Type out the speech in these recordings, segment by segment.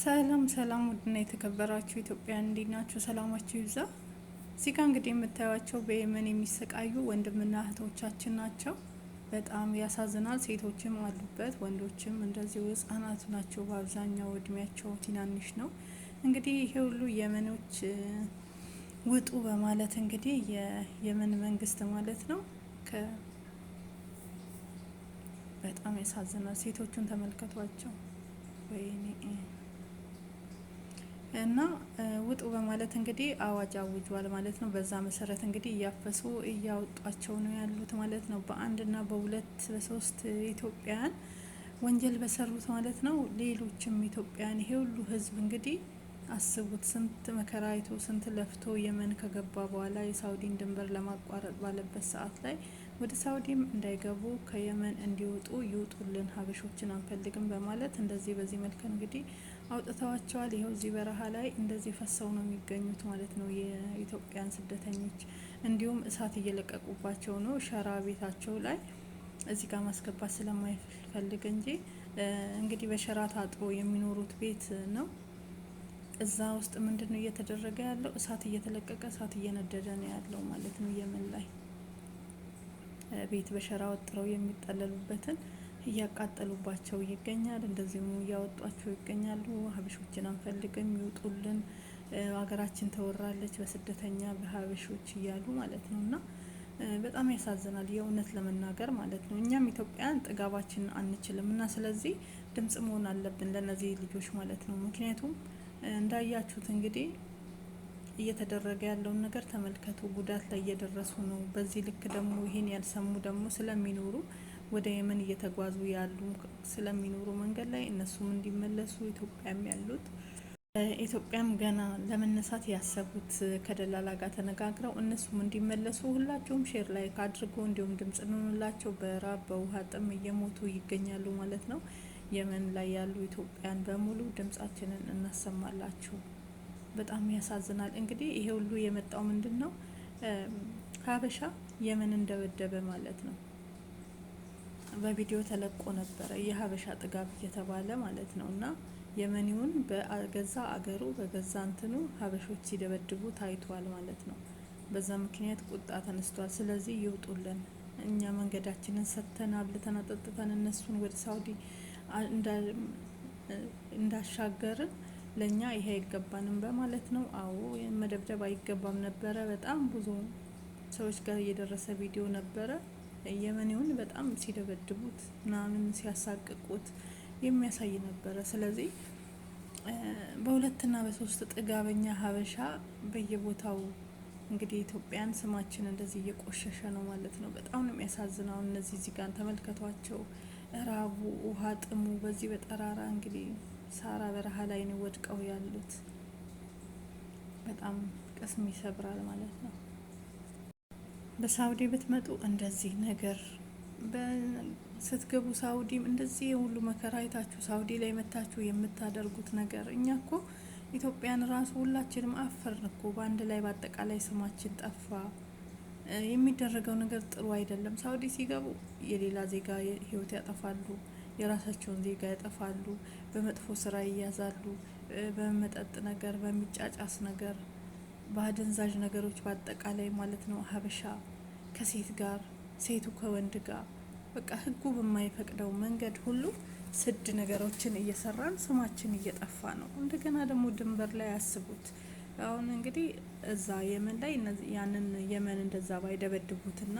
ሰላም ሰላም፣ ውድና የተከበራችሁ ኢትዮጵያን እንዴት ናችሁ? ሰላማችሁ ይብዛ። እዚህ ጋ እንግዲህ የምታዩቸው በየመን የሚሰቃዩ ወንድምና እህቶቻችን ናቸው። በጣም ያሳዝናል። ሴቶችም አሉበት፣ ወንዶችም እንደዚሁ ህጻናት ናቸው። በአብዛኛው እድሜያቸው ትናንሽ ነው። እንግዲህ ይሄ ሁሉ የመኖች ውጡ በማለት እንግዲህ የየመን መንግስት ማለት ነው በጣም ያሳዝናል። ሴቶቹን ተመልከቷቸው። ወይኔ እና ውጡ በማለት እንግዲህ አዋጅ አውጇል ማለት ነው። በዛ መሰረት እንግዲህ እያፈሱ እያወጧቸው ነው ያሉት ማለት ነው። በአንድና በሁለት በሶስት ኢትዮጵያን ወንጀል በሰሩት ማለት ነው። ሌሎችም ኢትዮጵያን ይሄ ሁሉ ህዝብ እንግዲህ አስቡት ስንት መከራ አይቶ ስንት ለፍቶ የመን ከገባ በኋላ የሳውዲን ድንበር ለማቋረጥ ባለበት ሰዓት ላይ ወደ ሳውዲም እንዳይገቡ ከየመን እንዲወጡ ይውጡልን፣ ሀበሾችን አንፈልግም በማለት እንደዚህ በዚህ መልክ እንግዲህ አውጥተዋቸዋል። ይኸው እዚህ በረሃ ላይ እንደዚህ ፈሰው ነው የሚገኙት ማለት ነው የኢትዮጵያን ስደተኞች። እንዲሁም እሳት እየለቀቁባቸው ነው ሸራ ቤታቸው ላይ እዚህ ጋር ማስገባት ስለማይፈልግ እንጂ እንግዲህ በሸራ ታጥሮ የሚኖሩት ቤት ነው። እዛ ውስጥ ምንድን ነው እየተደረገ ያለው? እሳት እየተለቀቀ እሳት እየነደደ ነው ያለው ማለት ነው የመን ላይ ቤት በሸራ ወጥረው የሚጠለሉበትን እያቃጠሉባቸው ይገኛል። እንደዚሁም እያወጧቸው ይገኛሉ። ሀበሾችን አንፈልግም ይውጡልን፣ ሀገራችን ተወራለች በስደተኛ በሀበሾች እያሉ ማለት ነው እና በጣም ያሳዝናል፣ የእውነት ለመናገር ማለት ነው። እኛም ኢትዮጵያን ጥጋባችን አንችልም እና ስለዚህ ድምጽ መሆን አለብን ለነዚህ ልጆች ማለት ነው። ምክንያቱም እንዳያችሁት እንግዲህ እየተደረገ ያለውን ነገር ተመልከቱ። ጉዳት ላይ እየደረሱ ነው። በዚህ ልክ ደግሞ ይህን ያልሰሙ ደግሞ ስለሚኖሩ ወደ የመን እየተጓዙ ያሉ ስለሚኖሩ መንገድ ላይ እነሱም እንዲመለሱ ኢትዮጵያም ያሉት ኢትዮጵያም ገና ለመነሳት ያሰቡት ከደላላ ጋር ተነጋግረው እነሱም እንዲመለሱ ሁላቸውም ሼር ላይክ አድርጎ እንዲሁም ድምጽ እንሆንላቸው። በራብ በውሃ ጥም እየሞቱ ይገኛሉ ማለት ነው። የመን ላይ ያሉ ኢትዮጵያን በሙሉ ድምጻችንን እናሰማላችሁ። በጣም ያሳዝናል። እንግዲህ ይሄ ሁሉ የመጣው ምንድን ነው? ሀበሻ የመን እንደበደበ ማለት ነው። በቪዲዮ ተለቆ ነበረ የሀበሻ ጥጋብ እየተባለ ማለት ነው። እና የመኒውን በገዛ አገሩ በገዛ እንትኑ ሀበሾች ሲደበድቡ ታይቷል ማለት ነው። በዛ ምክንያት ቁጣ ተነስቷል። ስለዚህ ይውጡልን፣ እኛ መንገዳችንን ሰጥተን አብልተን አጠጥተን እነሱን ወደ ሳውዲ እንዳሻገርን ለእኛ ይሄ አይገባንም በማለት ነው። አዎ መደብደብ አይገባም ነበረ። በጣም ብዙ ሰዎች ጋር እየደረሰ ቪዲዮ ነበረ። የመኔውን በጣም ሲደበድቡት ምናምን ሲያሳቅቁት የሚያሳይ ነበረ። ስለዚህ በሁለትና በሶስት ጥጋበኛ ሀበሻ በየቦታው እንግዲህ ኢትዮጵያን ስማችን እንደዚህ እየቆሸሸ ነው ማለት ነው። በጣም ነው የሚያሳዝነው። እነዚህ እዚህ ጋር ተመልከቷቸው። ራቡ፣ ውሃ ጥሙ። በዚህ በጠራራ እንግዲህ ሳራ በረሃ ላይ ነው ወድቀው ያሉት። በጣም ቅስም ይሰብራል ማለት ነው። በሳውዲ ብትመጡ እንደዚህ ነገር ስትገቡ ሳውዲም እንደዚህ የሁሉ መከራ አይታችሁ ሳውዲ ላይ መታችሁ የምታደርጉት ነገር እኛ እኮ ኢትዮጵያን ራሱ ሁላችንም አፈርን እኮ በአንድ ላይ በአጠቃላይ ስማችን ጠፋ። የሚደረገው ነገር ጥሩ አይደለም። ሳውዲ ሲገቡ የሌላ ዜጋ ህይወት ያጠፋሉ፣ የራሳቸውን ዜጋ ያጠፋሉ፣ በመጥፎ ስራ ይያዛሉ፣ በመጠጥ ነገር፣ በሚጫጫስ ነገር፣ በአደንዛዥ ነገሮች በአጠቃላይ ማለት ነው። ሀበሻ ከሴት ጋር ሴቱ ከወንድ ጋር በቃ ህጉ በማይፈቅደው መንገድ ሁሉ ስድ ነገሮችን እየሰራን ስማችን እየጠፋ ነው። እንደገና ደግሞ ድንበር ላይ አስቡት። አሁን እንግዲህ እዛ የመን ላይ ያንን የመን እንደዛ ባይደበድቡትና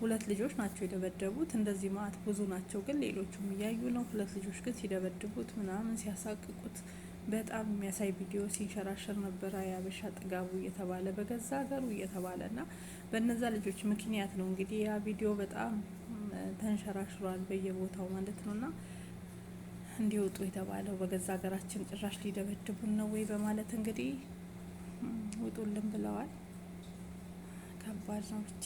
ሁለት ልጆች ናቸው የደበደቡት። እንደዚህ ማአት ብዙ ናቸው፣ ግን ሌሎቹም እያዩ ነው። ሁለት ልጆች ግን ሲደበድቡት ምናምን ሲያሳቅቁት በጣም የሚያሳይ ቪዲዮ ሲንሸራሸር ነበረ። የአበሻ ጥጋቡ እየተባለ በገዛ ሀገሩ እየተባለ እና በነዛ ልጆች ምክንያት ነው እንግዲህ ያ ቪዲዮ በጣም ተንሸራሽሯል በየቦታው ማለት ነው ና እንዲወጡ የተባለው በገዛ ሀገራችን ጭራሽ ሊደበድቡን ነው ወይ በማለት እንግዲህ ውጡልን ብለዋል። ከባድ ነው ብቻ።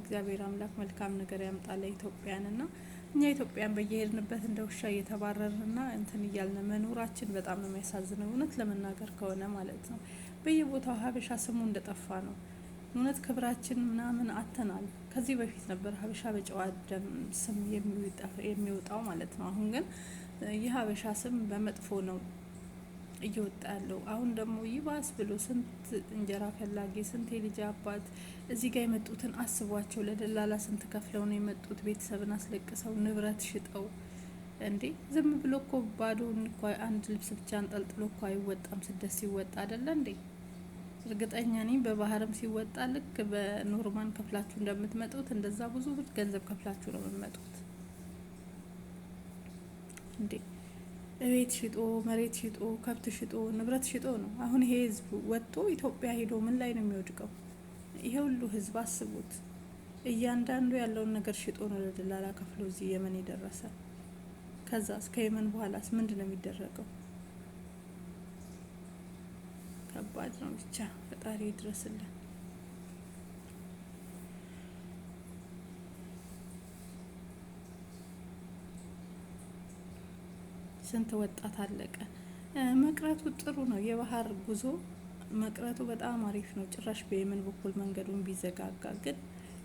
እግዚአብሔር አምላክ መልካም ነገር ያምጣ ለኢትዮጵያን እና እኛ ኢትዮጵያን በየሄድንበት እንደ ውሻ እየተባረርንና እንትን እያልን መኖራችን በጣም ነው የሚያሳዝነው። እውነት ለመናገር ከሆነ ማለት ነው በየቦታው ሀበሻ ስሙ እንደጠፋ ነው። እውነት ክብራችን ምናምን አተናል። ከዚህ በፊት ነበር ሀበሻ በጨዋ ደም ስም የሚወጣው ማለት ነው። አሁን ግን ሀበሻ ስም በመጥፎ ነው እየወጣ ያለው አሁን ደግሞ ይባስ ብሎ ስንት እንጀራ ፈላጊ ስንት የልጅ አባት እዚህ ጋር የመጡትን አስቧቸው። ለደላላ ስንት ከፍለው ነው የመጡት? ቤተሰብን አስለቅሰው ንብረት ሽጠው እንዴ ዝም ብሎ እኮ ባዶን እኮ አንድ ልብስ ብቻ አንጠልጥሎ እኮ አይወጣም። ስደት ሲወጣ አይደለ እንዴ? እርግጠኛ ነኝ በባህርም ሲወጣ ልክ በኖርማን ከፍላችሁ እንደምትመጡት እንደዛ ብዙ ገንዘብ ከፍላችሁ ነው የምትመጡት እንዴ ቤት ሽጦ መሬት ሽጦ ከብት ሽጦ ንብረት ሽጦ ነው። አሁን ይሄ ህዝብ ወጥቶ ኢትዮጵያ ሄዶ ምን ላይ ነው የሚወድቀው? ይሄ ሁሉ ህዝብ አስቡት። እያንዳንዱ ያለውን ነገር ሽጦ ነው ለደላላ ከፍሎ እዚህ የመን የደረሰ። እስከ ከየመን በኋላስ ምንድን ነው የሚደረገው? ከባድ ነው። ብቻ ፈጣሪ ይድረስልን። ስንት ወጣት አለቀ። መቅረቱ ጥሩ ነው። የባህር ጉዞ መቅረቱ በጣም አሪፍ ነው። ጭራሽ በየመን በኩል መንገዱን ቢዘጋጋ ግን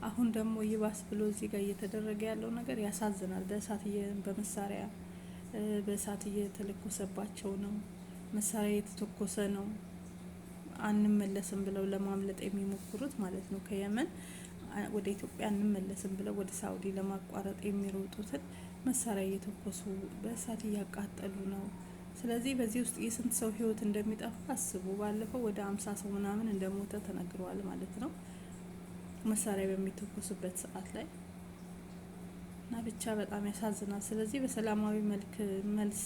አሁን ደግሞ ይባስ ብሎ እዚህ ጋር እየተደረገ ያለው ነገር ያሳዝናል። በእሳት በመሳሪያ በእሳት እየተለኮሰባቸው ነው። መሳሪያ እየተተኮሰ ነው። አንመለስም ብለው ለማምለጥ የሚሞክሩት ማለት ነው ከየመን ወደ ኢትዮጵያ እንመለስም ብለው ወደ ሳውዲ ለማቋረጥ የሚሮጡትን መሳሪያ እየተኮሱ በእሳት እያቃጠሉ ነው። ስለዚህ በዚህ ውስጥ የስንት ሰው ህይወት እንደሚጠፋ አስቡ። ባለፈው ወደ አምሳ ሰው ምናምን እንደሞተ ተነግሯል ማለት ነው መሳሪያ በሚተኮሱበት ሰዓት ላይ እና ብቻ በጣም ያሳዝናል። ስለዚህ በሰላማዊ መልክ መልስ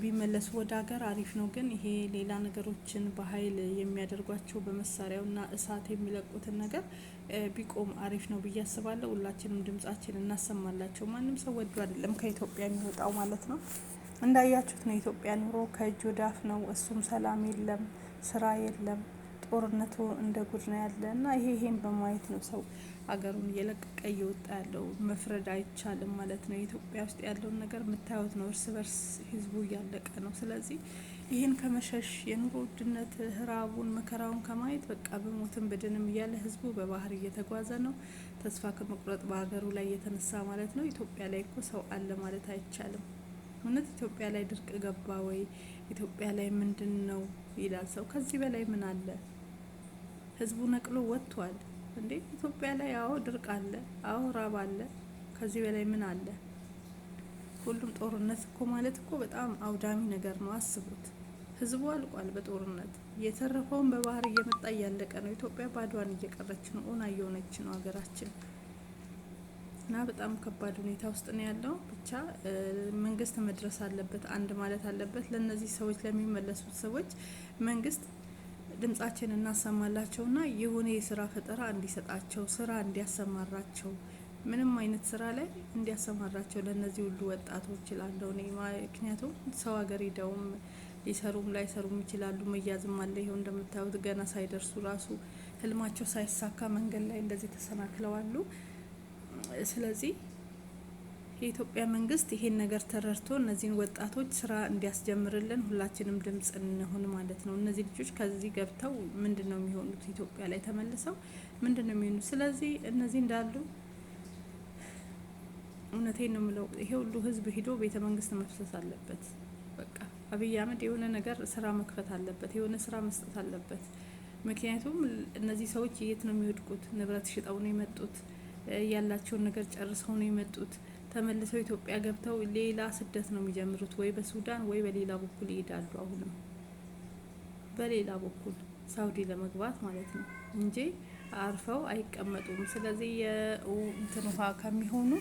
ቢመለሱ ወደ ሀገር አሪፍ ነው። ግን ይሄ ሌላ ነገሮችን በኃይል የሚያደርጓቸው በመሳሪያውና እሳት የሚለቁትን ነገር ቢቆም አሪፍ ነው ብዬ አስባለሁ። ሁላችንም ድምጻችን እናሰማላቸው። ማንም ሰው ወዱ አይደለም ከኢትዮጵያ የሚወጣው ማለት ነው። እንዳያችሁት ነው። ኢትዮጵያ ኑሮ ከእጅ ዳፍ ነው። እሱም ሰላም የለም፣ ስራ የለም። ጦርነቱ እንደ ጉድ ነው ያለ እና ይሄ ይሄን በማየት ነው ሰው ሀገሩን እየለቀቀ እየወጣ ያለው። መፍረድ አይቻልም ማለት ነው። ኢትዮጵያ ውስጥ ያለውን ነገር የምታዩት ነው። እርስ በርስ ህዝቡ እያለቀ ነው። ስለዚህ ይህን ከመሸሽ የኑሮ ውድነት ህራቡን፣ መከራውን ከማየት በቃ በሞትም በድንም እያለ ህዝቡ በባህር እየተጓዘ ነው። ተስፋ ከመቁረጥ በሀገሩ ላይ እየተነሳ ማለት ነው። ኢትዮጵያ ላይ እኮ ሰው አለ ማለት አይቻልም። እውነት ኢትዮጵያ ላይ ድርቅ ገባ ወይ? ኢትዮጵያ ላይ ምንድን ነው ይላል ሰው። ከዚህ በላይ ምን አለ? ህዝቡ ነቅሎ ወጥቷል እንዴ ኢትዮጵያ ላይ አዎ ድርቅ አለ አዎ ራብ አለ ከዚህ በላይ ምን አለ ሁሉም ጦርነት እኮ ማለት እኮ በጣም አውዳሚ ነገር ነው አስቡት ህዝቡ አልቋል በጦርነት የተረፈውን በባህር እየመጣ እያለቀ ነው ኢትዮጵያ ባዷን እየቀረች ነው ኦና እየሆነች ነው ሀገራችን እና በጣም ከባድ ሁኔታ ውስጥ ነው ያለው ብቻ መንግስት መድረስ አለበት አንድ ማለት አለበት ለእነዚህ ሰዎች ለሚመለሱት ሰዎች መንግስት ድምጻችን እናሰማላቸውና የሆነ የስራ ፈጠራ እንዲሰጣቸው ስራ እንዲያሰማራቸው ምንም አይነት ስራ ላይ እንዲያሰማራቸው ለእነዚህ ሁሉ ወጣቶች ላለው እኔ ምክንያቱም ሰው ሀገር ሂደውም ሊሰሩም ላይሰሩም ይችላሉ። መያዝም አለ። ይኸው እንደምታዩት ገና ሳይደርሱ ራሱ ህልማቸው ሳይሳካ መንገድ ላይ እንደዚህ ተሰናክለዋሉ። ስለዚህ የኢትዮጵያ መንግስት ይሄን ነገር ተረድቶ እነዚህን ወጣቶች ስራ እንዲያስጀምርልን ሁላችንም ድምጽ እንሆን ማለት ነው። እነዚህ ልጆች ከዚህ ገብተው ምንድን ነው የሚሆኑት? ኢትዮጵያ ላይ ተመልሰው ምንድን ነው የሚሆኑት? ስለዚህ እነዚህ እንዳሉ እውነቴን ነው የምለው ይሄ ሁሉ ህዝብ ሂዶ ቤተ መንግስት መፍሰስ አለበት። በቃ አብይ አህመድ የሆነ ነገር ስራ መክፈት አለበት። የሆነ ስራ መስጠት አለበት። ምክንያቱም እነዚህ ሰዎች የት ነው የሚወድቁት? ንብረት ሽጠው ነው የመጡት። ያላቸውን ነገር ጨርሰው ነው የመጡት። ተመልሰው ኢትዮጵያ ገብተው ሌላ ስደት ነው የሚጀምሩት። ወይ በሱዳን ወይ በሌላ በኩል ይሄዳሉ። አሁንም በሌላ በኩል ሳውዲ ለመግባት ማለት ነው እንጂ አርፈው አይቀመጡም። ስለዚህ የእንትን ውሃ ከሚሆኑ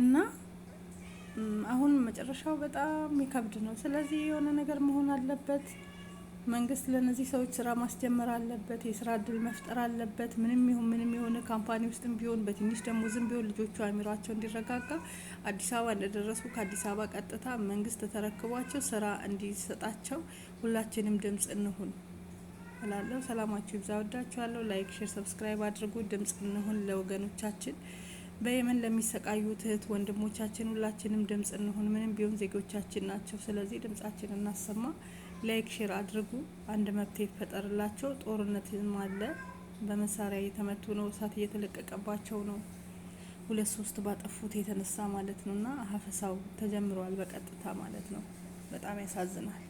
እና አሁን መጨረሻው በጣም ይከብድ ነው። ስለዚህ የሆነ ነገር መሆን አለበት። መንግስት ለእነዚህ ሰዎች ስራ ማስጀመር አለበት፣ የስራ እድል መፍጠር አለበት። ምንም ይሁን ምንም የሆነ ካምፓኒ ውስጥም ቢሆን በትንሽ ደሞዝም ቢሆን ልጆቹ አሚሯቸው እንዲረጋጋ አዲስ አበባ እንደደረሱ ከአዲስ አበባ ቀጥታ መንግስት ተረክቧቸው ስራ እንዲሰጣቸው ሁላችንም ድምጽ እንሁን እላለሁ። ሰላማችሁ ይብዛ፣ ወዳችኋለሁ። ላይክ፣ ሼር፣ ሰብስክራይብ አድርጉ። ድምጽ እንሁን ለወገኖቻችን በየመን ለሚሰቃዩት እህት ወንድሞቻችን ሁላችንም ድምጽ እንሁን። ምንም ቢሆን ዜጎቻችን ናቸው። ስለዚህ ድምጻችን እናሰማ። ላይክ ሼር አድርጉ። አንድ መፍትሄ ይፈጠርላቸው። ጦርነትም አለ። በመሳሪያ እየተመቱ ነው። እሳት እየተለቀቀባቸው ነው። ሁለት ሶስት ባጠፉት የተነሳ ማለት ነው እና ሀፈሳው ተጀምሯል በቀጥታ ማለት ነው። በጣም ያሳዝናል።